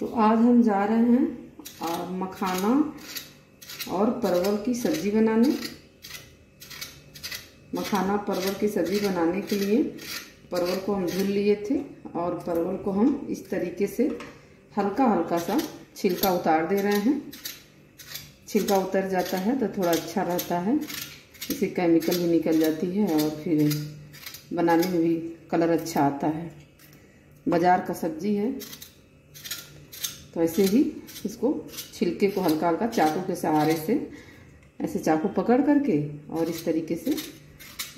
तो आज हम जा रहे हैं और मखाना और परवल की सब्ज़ी बनाने मखाना परवल की सब्ज़ी बनाने के लिए परवल को हम धुल लिए थे और परवल को हम इस तरीके से हल्का हल्का सा छिलका उतार दे रहे हैं छिलका उतर जाता है तो थोड़ा अच्छा रहता है इसे केमिकल भी निकल जाती है और फिर बनाने में भी कलर अच्छा आता है बाज़ार का सब्ज़ी है तो ऐसे ही इसको छिलके को हल्का हल्का चाकू के सहारे से ऐसे चाकू पकड़ करके और इस तरीके से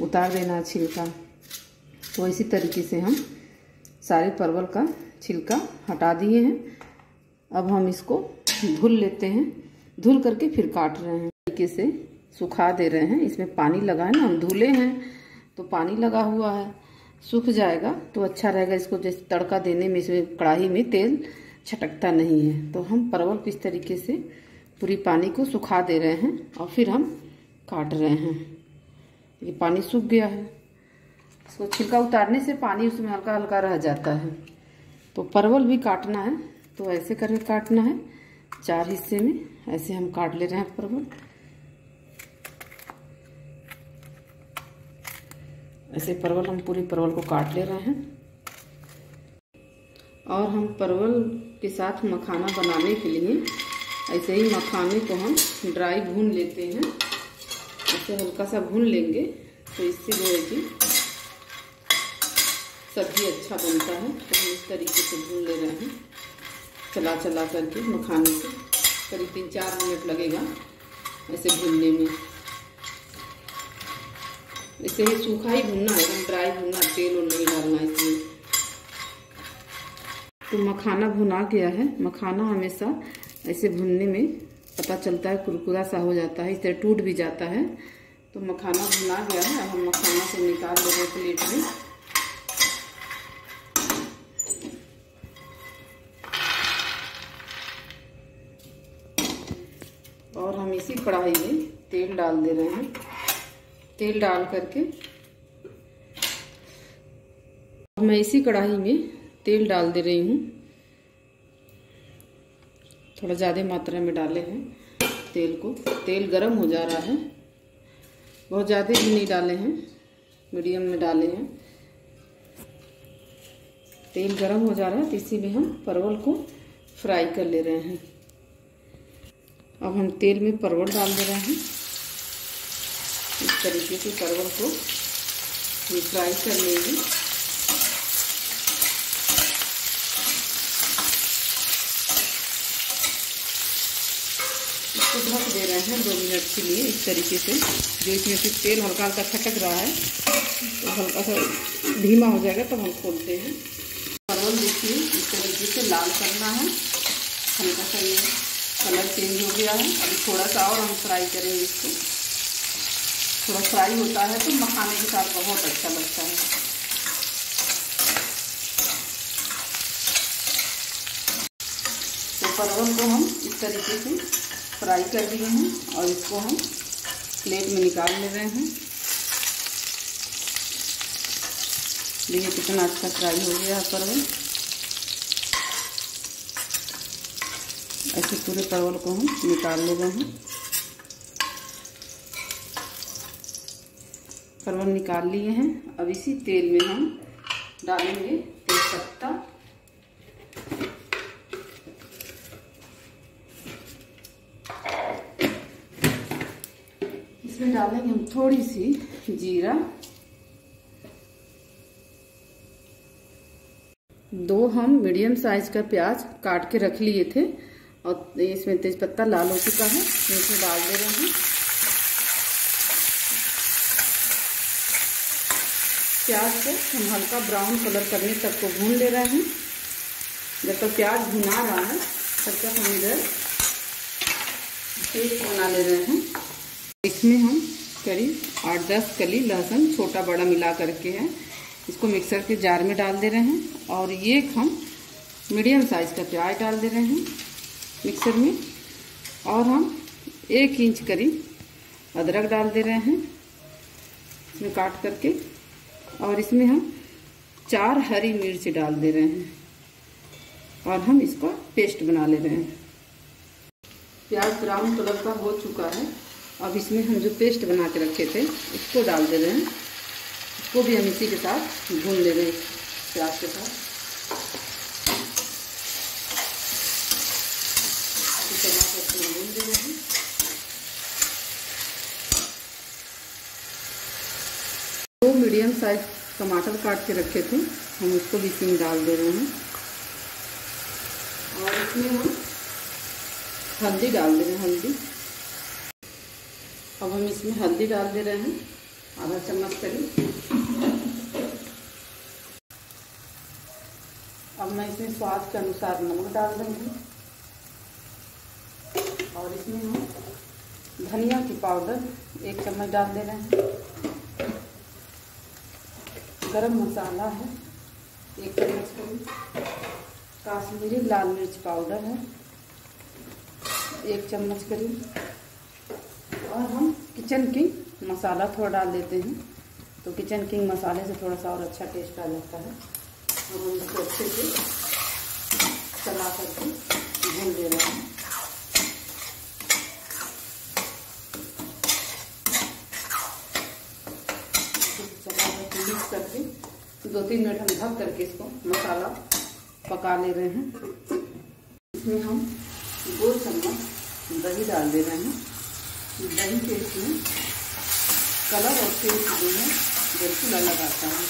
उतार देना छिलका तो इसी तरीके से हम सारे परवल का छिलका हटा दिए हैं अब हम इसको धुल लेते हैं धुल करके फिर काट रहे हैं तरीके से सुखा दे रहे हैं इसमें पानी लगा है ना हम धुले हैं तो पानी लगा हुआ है सूख जाएगा तो अच्छा रहेगा इसको जैसे तड़का देने में इसमें कढ़ाई में तेल छटकता नहीं है तो हम परवल किस तरीके से पूरी पानी को सुखा दे रहे हैं और फिर हम काट रहे हैं ये पानी सूख गया है इसको छिलका उतारने से पानी उसमें हल्का हल्का रह जाता है तो परवल भी काटना है तो ऐसे करके काटना है चार हिस्से में ऐसे हम काट ले रहे हैं परवल ऐसे परवल हम पूरी परवल को काट ले रहे हैं और हम परवल के साथ मखाना बनाने के लिए ऐसे ही मखाने को हम ड्राई भून लेते हैं ऐसे हल्का सा भून लेंगे तो इससे जो है कि सब्जी अच्छा बनता है तो हम इस तरीके से भून ले रहे हैं चला चला करके मखाने से करीब तीन चार मिनट लगेगा ऐसे भूनने में इसे ही सूखा ही भूनना है एकदम ड्राई भूनना तेल और नहीं डालना इसमें तो मखाना भुना गया है मखाना हमेशा ऐसे भुनने में पता चलता है कुरकुरा सा हो जाता है इस तरह टूट भी जाता है तो मखाना भुना गया है अब हम मखाना से निकाल दे रहे प्लेट में और हम इसी कढ़ाई में तेल डाल दे रहे हैं तेल डाल करके मैं इसी कढ़ाई में तेल डाल दे रही हूँ थोड़ा ज़्यादा मात्रा में डाले हैं तेल को तेल गरम हो जा रहा है बहुत ज़्यादा भी नहीं डाले हैं मीडियम में डाले हैं तेल गरम हो जा रहा है तो इसी में हम परवल को फ्राई कर ले रहे हैं अब हम तेल में परवल डाल दे रहे हैं इस तरीके से परवल को फ्राई कर लेंगे हैं दो मिनट के लिए इस तरीके से जो इसमें से तेल हल्का हल्का खटक रहा है तो हल्का सा धीमा हो जाएगा तब तो हम खोलते हैं परवल देखिए इस तरीके से लाल करना है हल्का सा ये कलर चेंज हो गया है अभी थोड़ा सा और हम फ्राई करेंगे इसको थोड़ा फ्राई होता है तो मखाने के साथ बहुत अच्छा लगता है तो परवल को हम इस तरीके से फ्राई कर दिए हैं और इसको हम प्लेट में निकाल ले रहे हैं देखिए कितना अच्छा फ्राई हो गया है परवल ऐसे पूरे परवल को हम निकाल ले रहे हैं परवल निकाल लिए हैं अब इसी तेल में हम डालेंगे तेज पत्ता इसमें डालेंगे हम थोड़ी सी जीरा दो हम मीडियम साइज का प्याज काट के रख लिए थे और इसमें तेज पत्ता लाल हो चुका है इसमें डाल दे रहे हैं प्याज को हम हल्का ब्राउन कलर करने तक को भून ले रहे हैं जब तक तो प्याज भुना रहा है तब तक हम इधर तेज बना ले रहे हैं इसमें हम करीब आठ दस कली लहसुन छोटा बड़ा मिला करके है इसको मिक्सर के जार में डाल दे रहे हैं और ये हम मीडियम साइज़ का प्याज डाल दे रहे हैं मिक्सर में और हम एक इंच करीब अदरक डाल दे रहे हैं इसमें काट करके और इसमें हम चार हरी मिर्च डाल दे रहे हैं और हम इसका पेस्ट बना ले रहे हैं प्याज ब्राउन कलर का हो चुका है अब इसमें हम जो पेस्ट बना के रखे थे उसको डाल दे रहे हैं उसको भी हम इसी के साथ भून ले रहे हैं प्याज के साथ दो मीडियम साइज टमाटर काट के रखे थे हम उसको भी इसी में डाल दे रहे हैं और इसमें हम हल्दी डाल दे रहे हैं हल्दी अब हम इसमें हल्दी डाल दे रहे हैं आधा चम्मच करीब अब मैं इसमें स्वाद के अनुसार नमक डाल देंगे और इसमें हम धनिया की पाउडर एक चम्मच डाल दे रहे हैं गरम मसाला है एक चम्मच करीब काश्मीरी लाल मिर्च पाउडर है एक चम्मच करीब और हम किचन किंग मसाला थोड़ा डाल देते हैं तो किचन किंग मसाले से थोड़ा सा और अच्छा टेस्ट आ जाता है और हम इसको अच्छे से चला करके भून दे रहे हैं मिक्स करके दो तीन मिनट हम ढक करके इसको मसाला पका ले रहे हैं इसमें हम दो चम्मच दही डाल दे रहे हैं दही के इसमें कलर और टेस्ट जो है बिल्कुल अलग आता है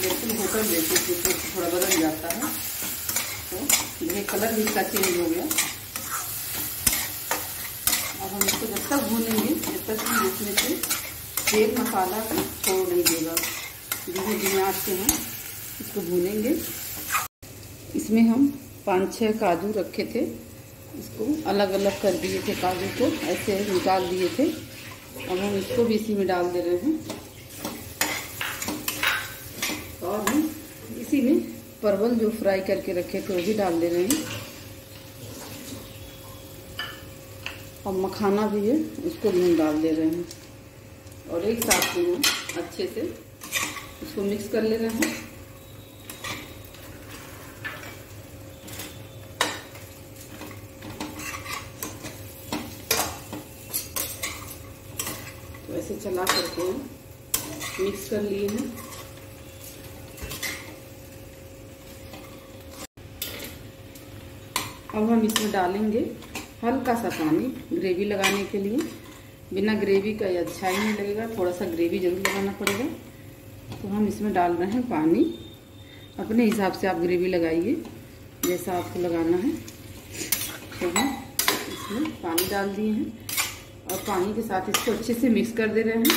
बिल्कुल होकर देते थे थोड़ा बदल जाता है तो ये कलर भी इसका चेंज हो गया अब हम इसको जब तक भूनेंगे जब तक हम इसमें से तेल मसाला को छोड़ नहीं देगा धीरे धीरे आँच पे हम इसको भूनेंगे इसमें हम पाँच छः काजू रखे थे इसको अलग अलग कर दिए थे काजू को ऐसे निकाल दिए थे अब हम इसको भी इसी में डाल दे रहे हैं और हम इसी में परवल जो फ्राई करके रखे थे वो भी डाल दे रहे हैं और मखाना भी है उसको भी हम डाल दे रहे हैं और एक साथ में हम अच्छे से इसको मिक्स कर ले रहे हैं ऐसे चला करके हम मिक्स कर लिए हैं अब हम इसमें डालेंगे हल्का सा पानी ग्रेवी लगाने के लिए बिना ग्रेवी का ये अच्छा ही नहीं लगेगा थोड़ा सा ग्रेवी जरूर लगाना पड़ेगा तो हम इसमें डाल रहे हैं पानी अपने हिसाब से आप ग्रेवी लगाइए जैसा आपको लगाना है तो हम इसमें पानी डाल दिए हैं और पानी के साथ इसको अच्छे से मिक्स कर दे रहे हैं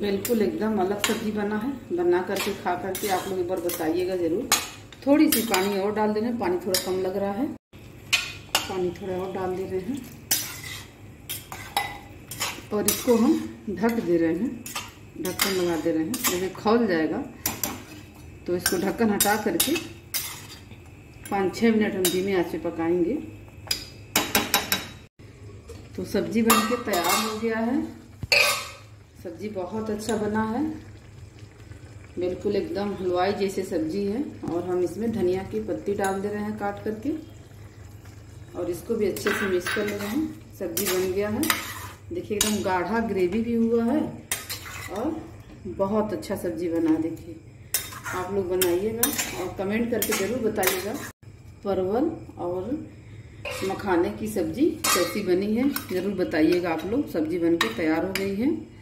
बिल्कुल एकदम अलग सब्जी बना है बना करके खा करके आप लोग एक बार बताइएगा ज़रूर थोड़ी सी पानी और डाल दे रहे हैं पानी थोड़ा कम लग रहा है पानी थोड़ा और डाल दे रहे हैं और इसको हम ढक दे रहे हैं ढक्कन लगा दे रहे हैं जैसे खोल जाएगा तो इसको ढक्कन हटा करके पाँच छः मिनट हम धीमे आँच पे पकाएंगे तो सब्जी बन के तैयार हो गया है सब्जी बहुत अच्छा बना है बिल्कुल एकदम हलवाई जैसी सब्जी है और हम इसमें धनिया की पत्ती डाल दे रहे हैं काट करके और इसको भी अच्छे से मिक्स कर ले रहे हैं सब्जी बन गया है देखिए एकदम गाढ़ा ग्रेवी भी हुआ है और बहुत अच्छा सब्जी बना देखिए आप लोग बनाइएगा और कमेंट करके ज़रूर बताइएगा परवल और मखाने की सब्जी कैसी बनी है ज़रूर बताइएगा आप लोग सब्जी बनके तैयार हो गई है